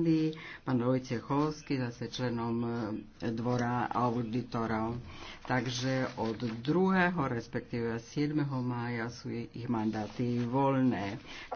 Holandii, pán Vojtech Cholsky, zase členom e, dvora auditorov. Takže od 2. respektíve 7. mája sú ich mandáty voľné.